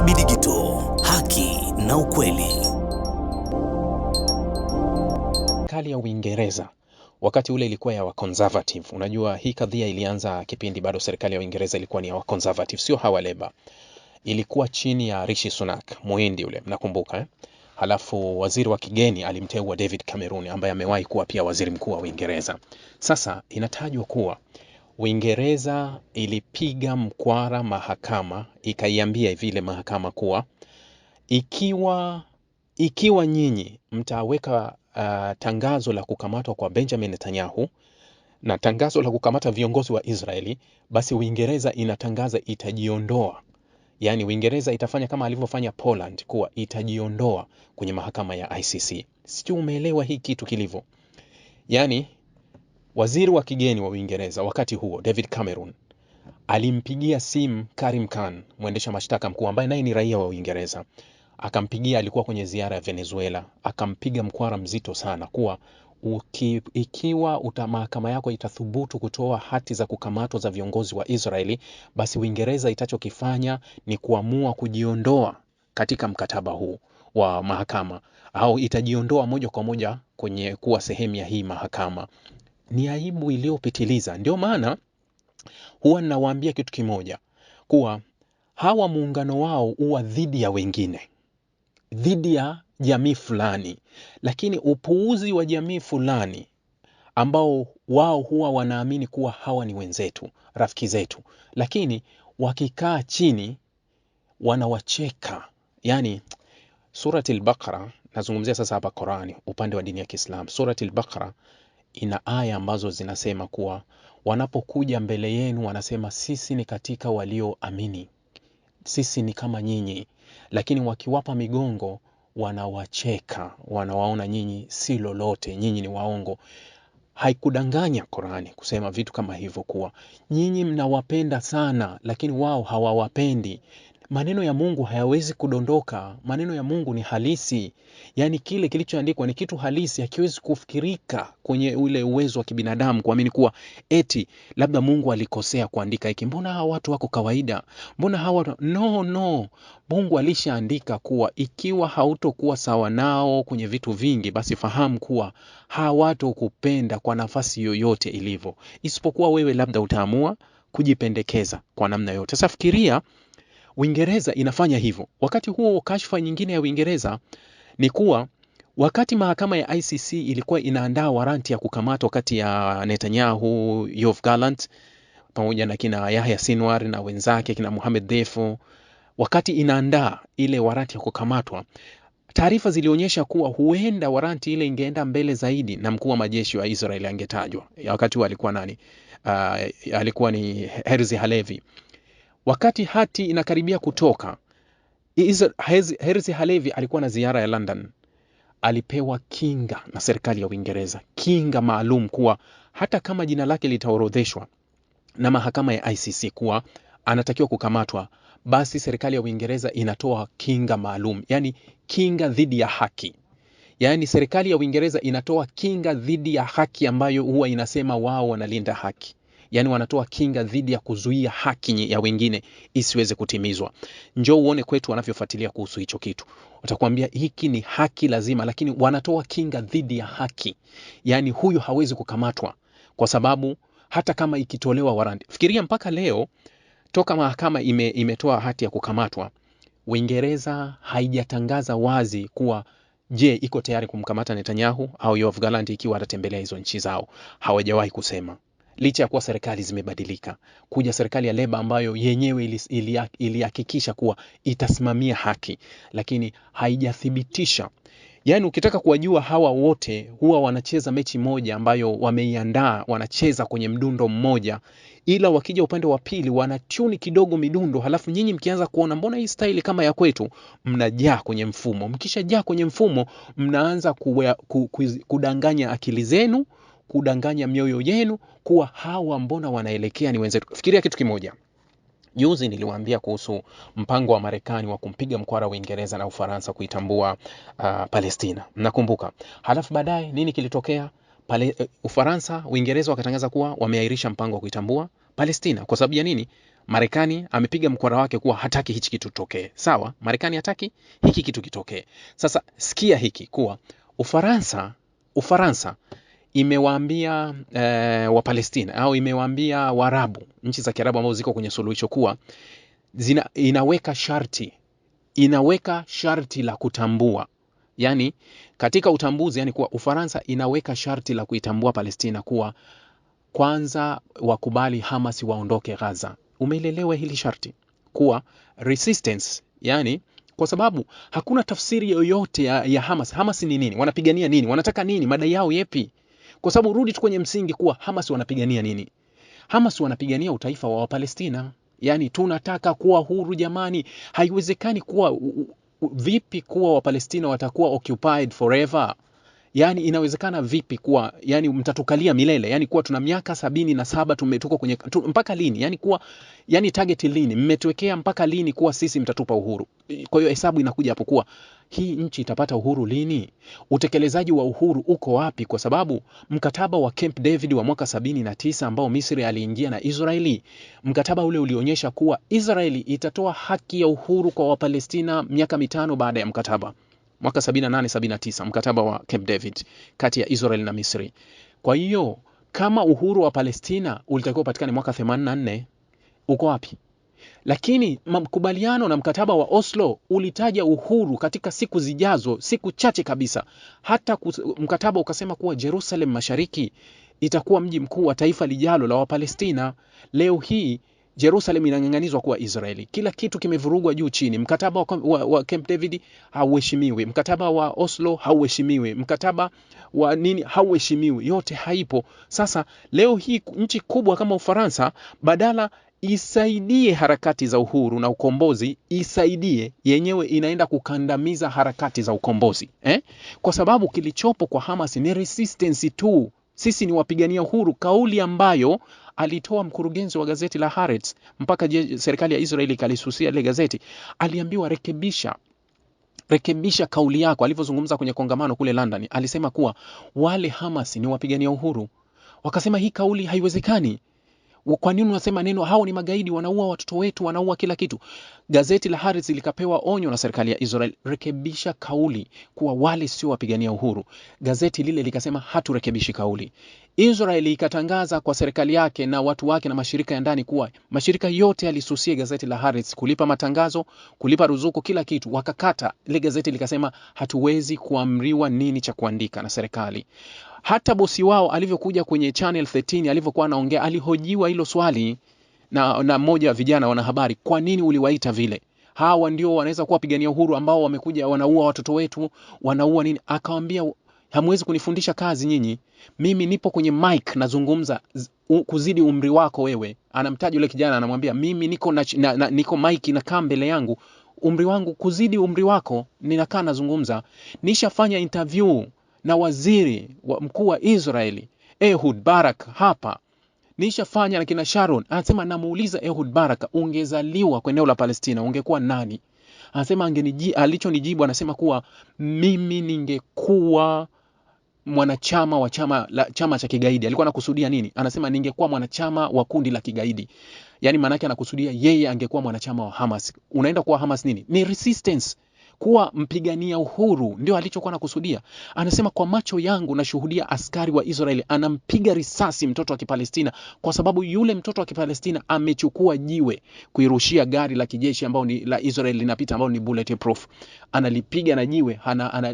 HB Digital, haki na ukweli. Serikali ya Uingereza wakati ule ilikuwa ya wa conservative. Unajua hii kadhia ilianza kipindi bado serikali ya Uingereza ilikuwa ni ya wa conservative, sio hawa leba. Ilikuwa chini ya Rishi Sunak, Muhindi ule mnakumbuka eh? Halafu waziri wa kigeni alimteua David Cameron ambaye amewahi kuwa pia waziri mkuu wa Uingereza. Sasa inatajwa kuwa Uingereza ilipiga mkwara mahakama, ikaiambia vile mahakama kuwa ikiwa ikiwa nyinyi mtaweka uh, tangazo la kukamatwa kwa Benjamin Netanyahu na tangazo la kukamata viongozi wa Israeli, basi Uingereza inatangaza itajiondoa yaani Uingereza itafanya kama alivyofanya Poland kuwa itajiondoa kwenye mahakama ya ICC. Sijui umeelewa hii kitu kilivyo, yaani Waziri wa kigeni wa Uingereza wakati huo David Cameron alimpigia simu Karim Khan, mwendesha mashtaka mkuu ambaye naye ni raia wa Uingereza. Akampigia, alikuwa kwenye ziara ya Venezuela, akampiga mkwara mzito sana kuwa uki, ikiwa uta mahakama yako itathubutu kutoa hati za kukamatwa za viongozi wa Israeli, basi Uingereza itachokifanya ni kuamua kujiondoa katika mkataba huu wa mahakama au itajiondoa moja kwa moja kwenye kuwa sehemu ya hii mahakama ni aibu iliyopitiliza. Ndio maana huwa nawaambia kitu kimoja kuwa hawa muungano wao huwa dhidi ya wengine, dhidi ya jamii fulani, lakini upuuzi wa jamii fulani ambao wao huwa wanaamini kuwa hawa ni wenzetu, rafiki zetu, lakini wakikaa chini wanawacheka. Yani surat Al-Baqara, nazungumzia sasa hapa Qurani, upande wa dini ya Kiislamu, surati Al-Baqara ina aya ambazo zinasema kuwa wanapokuja mbele yenu wanasema sisi ni katika walioamini, sisi ni kama nyinyi, lakini wakiwapa migongo wanawacheka, wanawaona nyinyi si lolote, nyinyi ni waongo. Haikudanganya Qurani kusema vitu kama hivyo, kuwa nyinyi mnawapenda sana, lakini wao hawawapendi maneno ya Mungu hayawezi kudondoka. Maneno ya Mungu ni halisi, yaani kile kilichoandikwa ni kitu halisi, hakiwezi kufikirika kwenye ule uwezo wa kibinadamu kuamini kuwa eti labda Mungu alikosea kuandika hiki, mbona hawa watu wako kawaida, mbona hawa no, no. Mungu alishaandika kuwa ikiwa hautokuwa sawa nao kwenye vitu vingi, basi fahamu kuwa hawatokupenda kwa nafasi yoyote ilivyo, isipokuwa wewe labda utaamua kujipendekeza kwa namna yote. Sasa fikiria Uingereza inafanya hivyo. Wakati huo, kashfa nyingine ya Uingereza ni kuwa wakati mahakama ya ICC ilikuwa inaandaa waranti ya kukamatwa kati ya Netanyahu, Yoav Gallant pamoja na kina Yahya Sinwar na wenzake kina Mohamed Defo, wakati inaandaa ile waranti ya kukamatwa, taarifa zilionyesha kuwa huenda waranti ile ingeenda mbele zaidi na mkuu wa majeshi wa Israel angetajwa. Wakati huo alikuwa nani? Uh, alikuwa ni Herzi Halevi. Wakati hati inakaribia kutoka, Hersi Halevi alikuwa na ziara ya London. Alipewa kinga na serikali ya Uingereza, kinga maalum kuwa hata kama jina lake litaorodheshwa na mahakama ya ICC kuwa anatakiwa kukamatwa, basi serikali ya Uingereza inatoa kinga maalum, yani kinga dhidi ya haki. yani serikali ya Uingereza inatoa kinga dhidi ya haki ambayo huwa inasema wao wanalinda haki yani wanatoa kinga dhidi ya kuzuia haki ya wengine isiweze kutimizwa. Njoo uone kwetu wanavyofuatilia kuhusu hicho kitu, watakwambia hiki ni haki lazima, lakini wanatoa kinga dhidi ya haki, yani huyu hawezi kukamatwa kwa sababu hata kama ikitolewa warandi. Fikiria mpaka leo toka mahakama ime, imetoa hati ya kukamatwa, Uingereza haijatangaza wazi kuwa je, iko tayari kumkamata Netanyahu au Yoav Gallant ikiwa atatembelea hizo nchi zao. Hawajawahi kusema licha ya kuwa serikali zimebadilika, kuja serikali ya leba ambayo yenyewe ilihakikisha kuwa itasimamia haki, lakini haijathibitisha. Yaani, ukitaka kuwajua hawa wote huwa wanacheza mechi moja ambayo wameiandaa, wanacheza kwenye mdundo mmoja, ila wakija upande wa pili wanatuni kidogo midundo, halafu nyinyi mkianza kuona mbona hii staili kama ya kwetu, mnajaa kwenye mfumo. Mkishajaa kwenye mfumo, mnaanza ku, ku, kudanganya akili zenu kudanganya mioyo yenu kuwa hawa mbona wanaelekea ni wenzetu. Fikiria kitu kimoja. Juzi niliwaambia kuhusu mpango wa Marekani wa kumpiga mkwara Uingereza na Ufaransa kuitambua uh, Palestina. Mnakumbuka? Halafu baadaye nini kilitokea? Pale, uh, Ufaransa, Uingereza wakatangaza kuwa wameahirisha mpango wa kuitambua Palestina. Kwa sababu ya nini? Marekani amepiga mkwara wake kuwa hataki hichi kitu kitokee. Sawa, Marekani hataki hiki kitu kitokee. Sasa sikia hiki kuwa Ufaransa, Ufaransa imewaambia e, Wapalestina au imewaambia Waarabu, nchi za Kiarabu ambazo ziko kwenye suluhisho kuwa zina, inaweka sharti inaweka sharti la kutambua yani katika utambuzi yani kuwa Ufaransa inaweka sharti la kuitambua Palestina kuwa kwanza wakubali Hamas waondoke Gaza. Umeelelewa hili sharti kuwa resistance, yani kwa sababu hakuna tafsiri yoyote ya, ya Hamas. Hamas ni nini? Wanapigania nini? Wanataka nini? Madai yao yepi? kwa sababu rudi tu kwenye msingi kuwa Hamas wanapigania nini? Hamas wanapigania utaifa wa Wapalestina. Yaani tunataka kuwa huru jamani, haiwezekani kuwa vipi kuwa Wapalestina watakuwa occupied forever yani inawezekana vipi kuwa yani mtatukalia milele yani kuwa tuna miaka sabini na saba tumetuko kwenye tu, mpaka lini yani kuwa yani target lini mmetuwekea mpaka lini kuwa sisi mtatupa uhuru kwa hiyo hesabu inakuja hapo kuwa hii nchi itapata uhuru lini utekelezaji wa uhuru uko wapi kwa sababu mkataba wa Camp David wa mwaka sabini na tisa ambao Misri aliingia na Israeli mkataba ule ulionyesha kuwa Israeli itatoa haki ya uhuru kwa Wapalestina miaka mitano baada ya mkataba mwaka 78 79, mkataba wa Camp David kati ya Israel na Misri. Kwa hiyo kama uhuru wa Palestina ulitakiwa upatikane mwaka 84, uko wapi? Lakini makubaliano na mkataba wa Oslo ulitaja uhuru katika siku zijazo, siku chache kabisa. Hata mkataba ukasema kuwa Jerusalem Mashariki itakuwa mji mkuu wa taifa lijalo la Wapalestina. Leo hii Jerusalem inang'ang'anizwa kuwa Israeli. Kila kitu kimevurugwa juu chini. Mkataba wa, wa, wa Camp David hauheshimiwi, mkataba wa Oslo hauheshimiwi, mkataba wa nini hauheshimiwi, yote haipo. Sasa leo hii nchi kubwa kama Ufaransa badala isaidie harakati za uhuru na ukombozi, isaidie yenyewe, inaenda kukandamiza harakati za ukombozi eh? Kwa sababu kilichopo kwa Hamas ni resistance tu, sisi ni wapigania uhuru, kauli ambayo alitoa mkurugenzi wa gazeti la Haaretz mpaka serikali ya Israeli ikalisusia ile gazeti. Aliambiwa rekebisha rekebisha kauli yako. Alivyozungumza kwenye kongamano kule London, alisema kuwa wale Hamas ni wapigania uhuru. Wakasema hii kauli haiwezekani. Kwa nini unasema neno hao ni magaidi, wanaua watoto wetu, wanaua kila kitu? Gazeti la Haaretz likapewa onyo na serikali ya Israel, rekebisha kauli kuwa wale sio wapigania uhuru. Gazeti lile likasema haturekebishi kauli. Israel ikatangaza kwa serikali yake na watu wake na mashirika ya ndani kuwa mashirika yote yalisusia gazeti la Haaretz kulipa matangazo, kulipa ruzuku, kila kitu wakakata. Ile gazeti likasema hatuwezi kuamriwa nini cha kuandika na serikali hata bosi wao alivyokuja kwenye Channel 13 alivyokuwa anaongea, alihojiwa hilo swali na, na mmoja wa vijana wanahabari, kwa nini uliwaita vile? Hawa ndio wanaweza kuwa wapigania uhuru ambao wamekuja wanaua watoto wetu, wanaua nini? Akawambia, hamwezi kunifundisha kazi nyinyi, mimi nipo kwenye mic nazungumza kuzidi umri wako wewe. Anamtaja yule kijana, anamwambia mimi niko na, na, na, niko mic nakaa mbele yangu umri wangu kuzidi umri wako, ninakaa nazungumza, nishafanya interview na waziri wa mkuu wa Israeli Ehud Barak hapa nishafanya na kina Sharon, anasema namuuliza Ehud Barak, ungezaliwa kwa eneo la Palestina ungekuwa nani? Anasema angeniji, alichonijibu anasema kuwa mimi ningekuwa mwanachama wa chama la chama cha kigaidi. Alikuwa anakusudia nini? Anasema ningekuwa mwanachama wa kundi la kigaidi, yani maana yake anakusudia yeye angekuwa mwanachama wa Hamas. Unaenda kuwa Hamas nini? Ni resistance kuwa mpigania uhuru, ndio alichokuwa anakusudia. Anasema kwa macho yangu nashuhudia askari wa Israeli anampiga risasi mtoto wa Kipalestina kwa sababu yule mtoto wa Kipalestina amechukua jiwe kuirushia gari la kijeshi ambao ni la Israeli linapita, ambao ni bulletproof, analipiga na jiwe,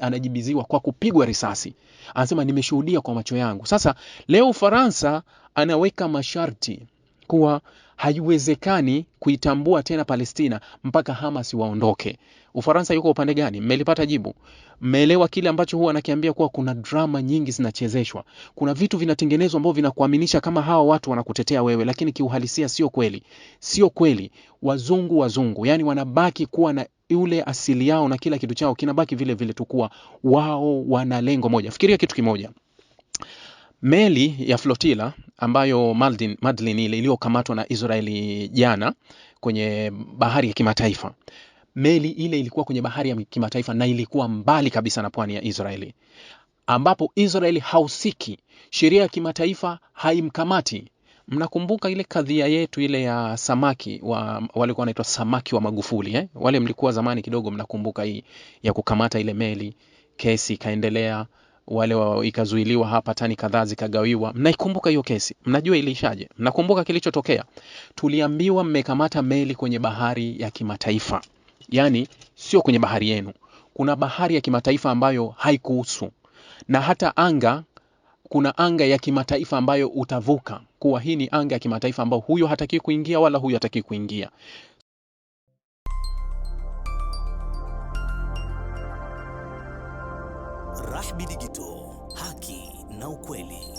anajibiziwa kwa kupigwa risasi. Anasema nimeshuhudia kwa macho yangu. Sasa leo Ufaransa anaweka masharti kuwa haiwezekani kuitambua tena Palestina mpaka Hamas waondoke. Ufaransa yuko upande gani? Mmelipata jibu? Mmeelewa kile ambacho huwa anakiambia kuwa kuna drama nyingi zinachezeshwa, kuna vitu vinatengenezwa ambavyo vinakuaminisha kama hawa watu wanakutetea wewe, lakini kiuhalisia sio kweli, sio kweli. Wazungu wazungu, yani wanabaki kuwa na yule asili yao na kila kitu chao kinabaki vile vile tu, wao wana lengo moja. Fikiria kitu kimoja. Meli ya flotila ambayo Madlin ile iliyokamatwa na Israeli jana kwenye bahari ya kimataifa. Meli ile ilikuwa kwenye bahari ya kimataifa na ilikuwa mbali kabisa na pwani ya Israeli, ambapo Israeli hausiki, sheria ya kimataifa haimkamati. Mnakumbuka ile kadhia yetu ile ya samaki wa walikuwa wanaitwa samaki wa Magufuli eh? Wale mlikuwa zamani kidogo, mnakumbuka hii ya kukamata ile meli, kesi ikaendelea wale wa ikazuiliwa hapa, tani kadhaa zikagawiwa. Mnaikumbuka hiyo kesi? Mnajua iliishaje? Mnakumbuka kilichotokea? Tuliambiwa mmekamata meli kwenye bahari ya kimataifa, yaani sio kwenye bahari yenu. Kuna bahari ya kimataifa ambayo haikuhusu, na hata anga kuna anga ya kimataifa ambayo utavuka, kuwa hii ni anga ya kimataifa ambayo huyo hataki kuingia wala huyo hataki kuingia. Mashbi Digital, haki na ukweli.